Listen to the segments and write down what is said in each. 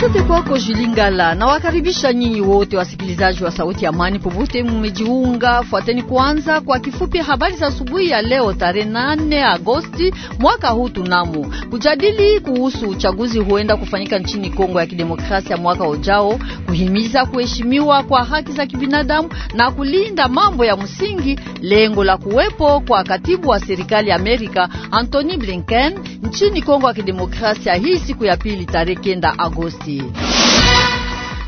Asante kwako Jilingala, na wakaribisha nyinyi wote wasikilizaji wa Sauti ya Amani popote mmejiunga. Fuateni kwanza kwa kifupi habari za asubuhi ya leo tarehe 8 Agosti mwaka huu. Tunamo kujadili kuhusu uchaguzi huenda kufanyika nchini Kongo ya Kidemokrasia mwaka ujao, kuhimiza kuheshimiwa kwa haki za kibinadamu na kulinda mambo ya msingi, lengo la kuwepo kwa katibu wa serikali ya Amerika Anthony Blinken nchini Kongo ya Kidemokrasia hii siku ya pili tarehe 9 Agosti zaidi.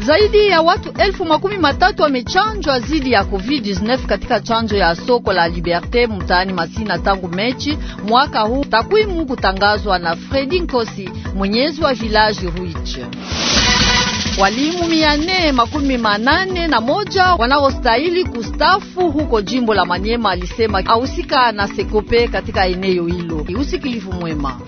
Zaidi ya watu elfu makumi matatu wamechanjwa zidi ya COVID-19 katika chanjo ya soko la Liberte mtaani Masina tangu Mechi mwaka huu, takwimu kutangazwa na Fredi Nkosi, mwenyezi wa vilaji ruich Walimu mia nne makumi manane na moja wanaostahili kustafu huko jimbo la Manyema, alisema ahusika na Sekope katika eneo hilo. Usikilivu mwema.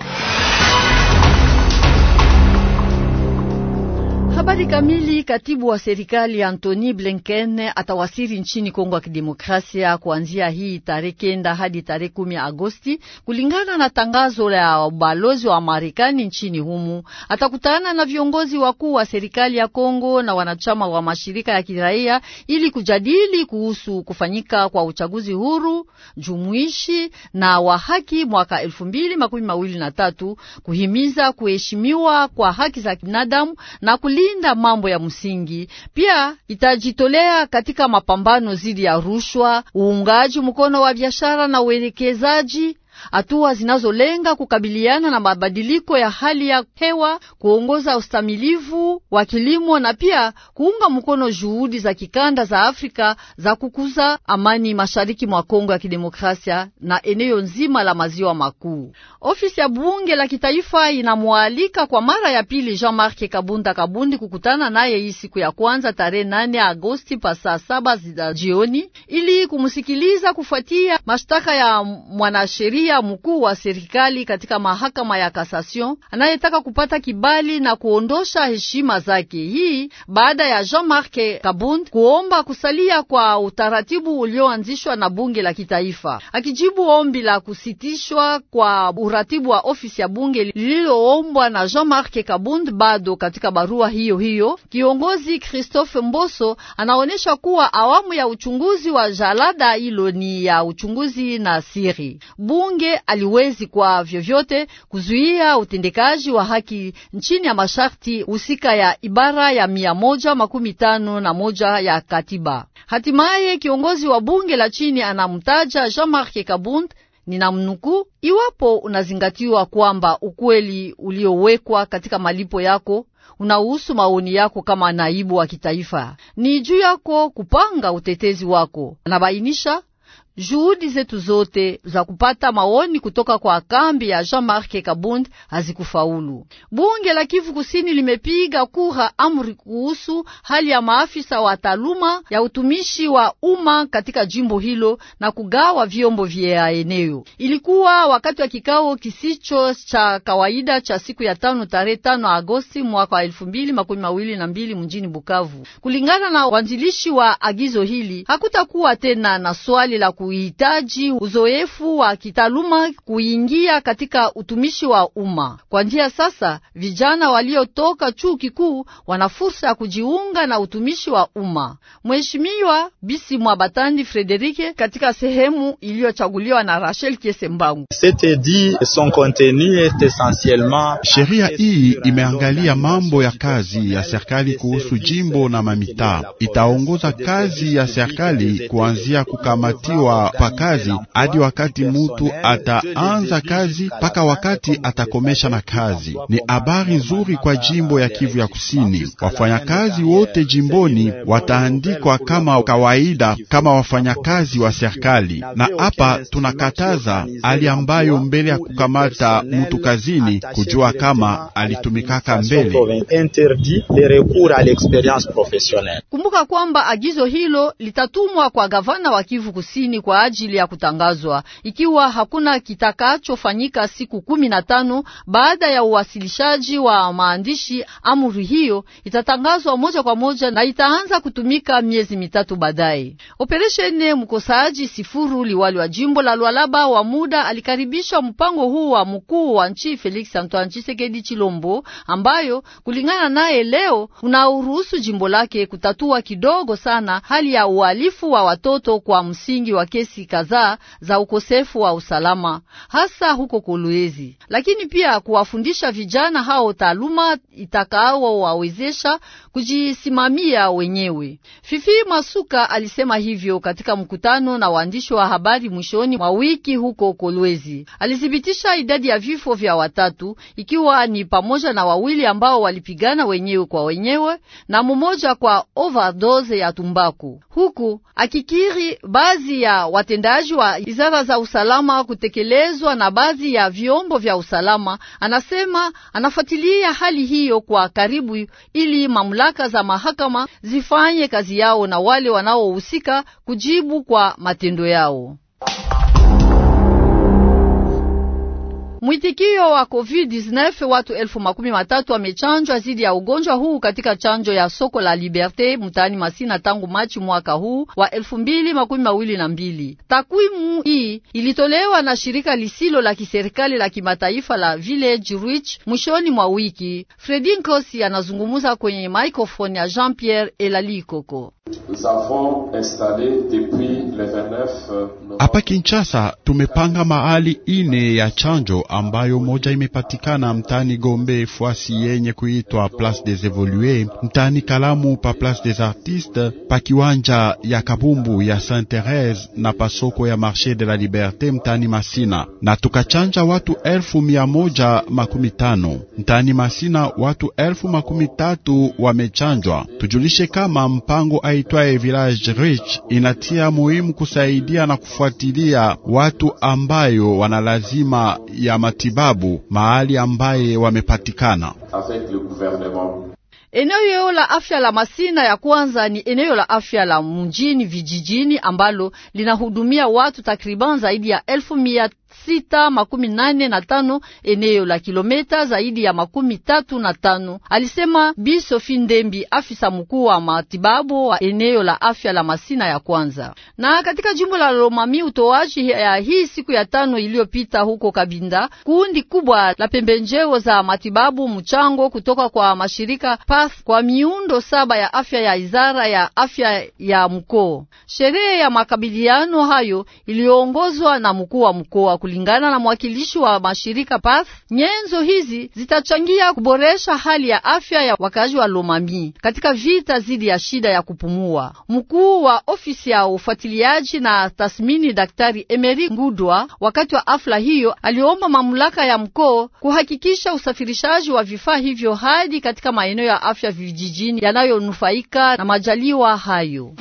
Habari kamili. Katibu wa serikali Antony Blinken atawasili nchini Kongo ya Kidemokrasia kuanzia hii tarehe kenda hadi tarehe kumi Agosti, kulingana na tangazo la ubalozi wa Marekani nchini humu. Atakutana na viongozi wakuu wa serikali ya Kongo na wanachama wa mashirika ya kiraia ili kujadili kuhusu kufanyika kwa uchaguzi huru, jumuishi na wa haki mwaka elfu mbili makumi mawili na tatu, kuhimiza kuheshimiwa kwa haki za binadamu na kulinda kulinda mambo ya msingi. Pia itajitolea katika mapambano dhidi ya rushwa, uungaji mkono wa biashara na uelekezaji hatua zinazolenga kukabiliana na mabadiliko ya hali ya hewa, kuongoza ustamilivu wa kilimo na pia kuunga mkono juhudi za kikanda za Afrika za kukuza amani mashariki mwa Kongo ya Kidemokrasia na eneo nzima la maziwa makuu. Ofisi ya bunge la kitaifa inamwalika kwa mara ya pili Jean-Marc Kabunda Kabundi kukutana naye hii siku ya kwanza tarehe nane Agosti pa saa saba za jioni ili kumsikiliza kufuatia mashtaka ya mwanasheria pia mkuu wa serikali katika mahakama ya kasasion anayetaka kupata kibali na kuondosha heshima zake. Hii baada ya Jean-Marc Kabund kuomba kusalia kwa utaratibu ulioanzishwa na bunge la kitaifa, akijibu ombi la kusitishwa kwa uratibu wa ofisi ya bunge lililoombwa na Jean-Marc Kabund. Bado katika barua hiyo hiyo, kiongozi Christophe Mboso anaonyesha kuwa awamu ya uchunguzi wa jalada hilo ni ya uchunguzi na siri bunge bunge aliwezi kwa vyovyote kuzuia utendekaji wa haki chini ya masharti husika ya ibara ya mia moja makumi tano na moja ya katiba. Hatimaye kiongozi wa bunge la chini anamtaja Jean-Marc Kabund ninamnukuu, iwapo unazingatiwa kwamba ukweli uliowekwa katika malipo yako unahusu maoni yako kama naibu wa kitaifa, ni juu yako kupanga utetezi wako, anabainisha Juhudi zetu zote za kupata maoni kutoka kwa kambi ya Jean-Marc Kabund hazikufaulu. Bunge la Kivu Kusini limepiga kura amri kuhusu hali ya maafisa wa taaluma ya utumishi wa umma katika jimbo hilo na kugawa vyombo vya eneo. Ilikuwa wakati wa kikao kisicho cha kawaida cha siku ya tano tarehe tano Agosti mwaka wa elfu mbili makumi mawili na mbili mjini Bukavu. Kulingana na wanzilishi wa agizo hili, hakutakuwa tena na swali la ku kuhitaji uzoefu wa kitaaluma kuingia katika utumishi wa umma. Kwa njia sasa, vijana waliotoka chuo kikuu wana fursa ya kujiunga na utumishi wa umma. Mheshimiwa Bisi Mwabatandi Frederike katika sehemu iliyochaguliwa na Rachel Kesembangu. Sheria hii imeangalia mambo ya kazi ya serikali kuhusu jimbo na mamitaa, itaongoza kazi ya serikali kuanzia kukamatiwa pa, kazi hadi wakati mutu ataanza kazi mpaka wakati atakomesha na kazi. Ni habari nzuri kwa jimbo ya Kivu ya Kusini. Wafanyakazi wote jimboni wataandikwa kama kawaida kama wafanyakazi wa serikali, na hapa tunakataza hali ambayo mbele ya kukamata mtu kazini kujua kama alitumikaka mbele. Kumbuka kwamba agizo hilo litatumwa kwa gavana wa Kivu Kusini kwa ajili ya kutangazwa. Ikiwa hakuna kitakachofanyika siku kumi na tano baada ya uwasilishaji wa maandishi, amri hiyo itatangazwa moja kwa moja na itaanza kutumika miezi mitatu baadaye. Operesheni mkosaji sifuru, liwali wa jimbo la Lualaba wa muda alikaribisha mpango huu wa mkuu wa nchi Felix Antoine Tshisekedi Chilombo, ambayo kulingana naye leo unauruhusu jimbo lake kutatua kidogo sana hali ya uhalifu wa watoto kwa msingi wa kesi kadhaa za ukosefu wa usalama hasa huko Kolwezi, lakini pia kuwafundisha vijana hao taaluma itakao wawezesha kujisimamia wenyewe. Fifi Masuka alisema hivyo katika mkutano na waandishi wa habari mwishoni mwa wiki huko Kolwezi. Alithibitisha idadi ya vifo vya watatu ikiwa ni pamoja na wawili ambao walipigana wenyewe kwa wenyewe na mmoja kwa overdose ya tumbaku, huku akikiri baadhi ya watendaji wa idara za usalama kutekelezwa na baadhi ya vyombo vya usalama. Anasema anafuatilia hali hiyo kwa karibu ili mamlaka mamlaka za mahakama zifanye kazi yao na wale wanaohusika kujibu kwa matendo yao. Mwitikio wa COVID-19, watu elfu makumi matatu wamechanjwa zidi ya ugonjwa huu katika chanjo ya soko la Liberte mtaani Masina tangu Machi mwaka huu wa elfu mbili makumi mawili na mbili. Takwimu hii ilitolewa na shirika lisilo la kiserikali la kimataifa la Village rich mwishoni mwa wiki. Fredin Kosi anazungumuza kwenye microphone ya Jean-Pierre Elalikoko. Euh, Hapa Kinshasa tumepanga mahali ine ya chanjo ambayo moja imepatikana mtaani Gombe fuasi yenye kuitwa Place des Evolues, mtaani Kalamu pa Place des Artistes, pa kiwanja ya Kabumbu ya Saint Therese na pasoko ya Marche de la Liberté mtaani Masina, na tukachanja watu elfu mia moja makumi tano mtaani Masina. Watu elfu makumi tatu wamechanjwa. Tujulishe kama mpango aitwa iitwaye Village Rich inatia muhimu kusaidia na kufuatilia watu ambayo wana lazima ya matibabu mahali ambaye wamepatikana. Eneo la afya la Masina ya kwanza ni eneo la afya la mjini vijijini ambalo linahudumia watu takriban zaidi ya elfu mia sita makumi nane na tano eneo la kilometa zaidi ya makumi tatu na tano, alisema Bi Sofi Ndembi, afisa mkuu wa matibabu wa eneo la afya la Masina ya kwanza. Na katika jimbo la Lomami, utoaji ya hii siku ya tano iliyopita huko Kabinda, kundi kubwa la pembenjeo za matibabu mchango kutoka kwa mashirika PATH kwa miundo saba ya afya ya Izara ya afya ya mkoo. Sherehe ya makabiliano hayo iliongozwa na mkuu wa mkoa Kulingana na mwakilishi wa mashirika PATH, nyenzo hizi zitachangia kuboresha hali ya afya ya wakazi wa Lomami katika vita dhidi ya shida ya kupumua. Mkuu wa ofisi ya ufuatiliaji na tathmini, Daktari Emeri Ngudwa, wakati wa afla hiyo aliomba mamlaka ya mkoo kuhakikisha usafirishaji wa vifaa hivyo hadi katika maeneo ya afya vijijini yanayonufaika na majaliwa hayo.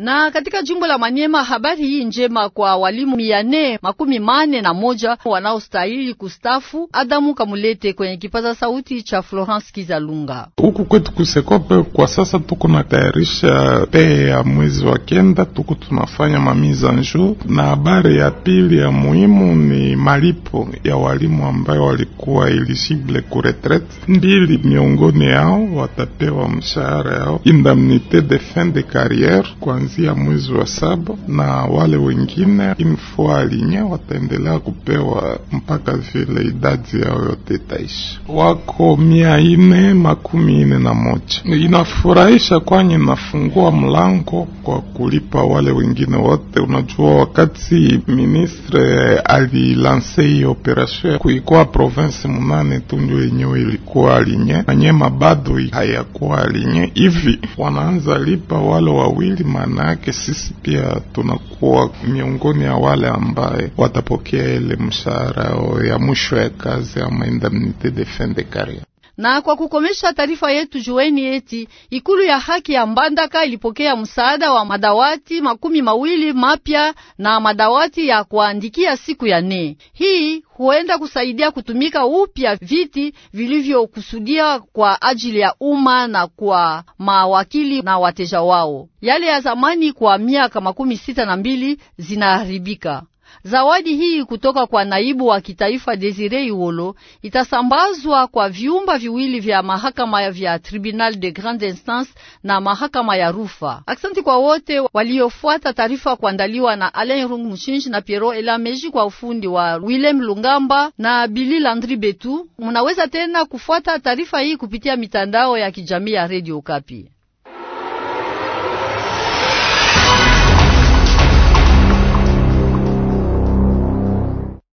Na katika jimbo la Manyema, habari hii njema kwa walimu mia nne makumi mane na moja wanaostahili kustafu. Adamu Kamulete kwenye kipaza sauti cha Florence Kizalunga. Huku kwetu kusekope kwa sasa tuko natayarisha pee ya mwezi wa kenda, tuko tunafanya mamiza nju, na habari ya pili ya muhimu ni malipo ya walimu ambayo walikuwa eligible ku retraite. Mbili miongoni yao watapewa mshahara yao indemnite de fin de carriere kwa kuanzia mwezi wa saba, na wale wengine infoalinye wataendelea kupewa mpaka vile idadi yao yote itaishi. Wako mia ine makumi ine na moja. Inafurahisha kwani inafungua mlango kwa kulipa wale wengine wote. Unajua, wakati ministre alilanse hii operation kuikuwa province munane tu ndio yenyewe ilikuwa alinye nanyema, bado hayakuwa alinye hivi, wanaanza lipa wale wawili maana maana yake sisi pia tunakuwa miongoni ya wale ambaye watapokea ile mshahara ya mwisho ya kazi ama indemnite de fin de carriere. Na kwa kukomesha taarifa yetu, jueni eti ikulu ya haki ya Mbandaka ilipokea msaada wa madawati makumi mawili mapya na madawati ya kuandikia siku ya nne. Hii huenda kusaidia kutumika upya viti vilivyokusudia kwa ajili ya umma na kwa mawakili na wateja wao. Yale ya zamani kwa miaka makumi sita na mbili zinaharibika. Zawadi hii kutoka kwa naibu wa kitaifa Desire Iwolo itasambazwa kwa vyumba viwili vya mahakama vya Tribunal de Grande Instance na mahakama ya Rufa. Aksanti kwa wote waliofuata taarifa kuandaliwa na Alain Rung Mushinji na Piero Elameji kwa ufundi wa Willem Lungamba na Billy Landry Betu. Munaweza tena kufuata taarifa hii kupitia mitandao ya kijamii ya Radio Kapi.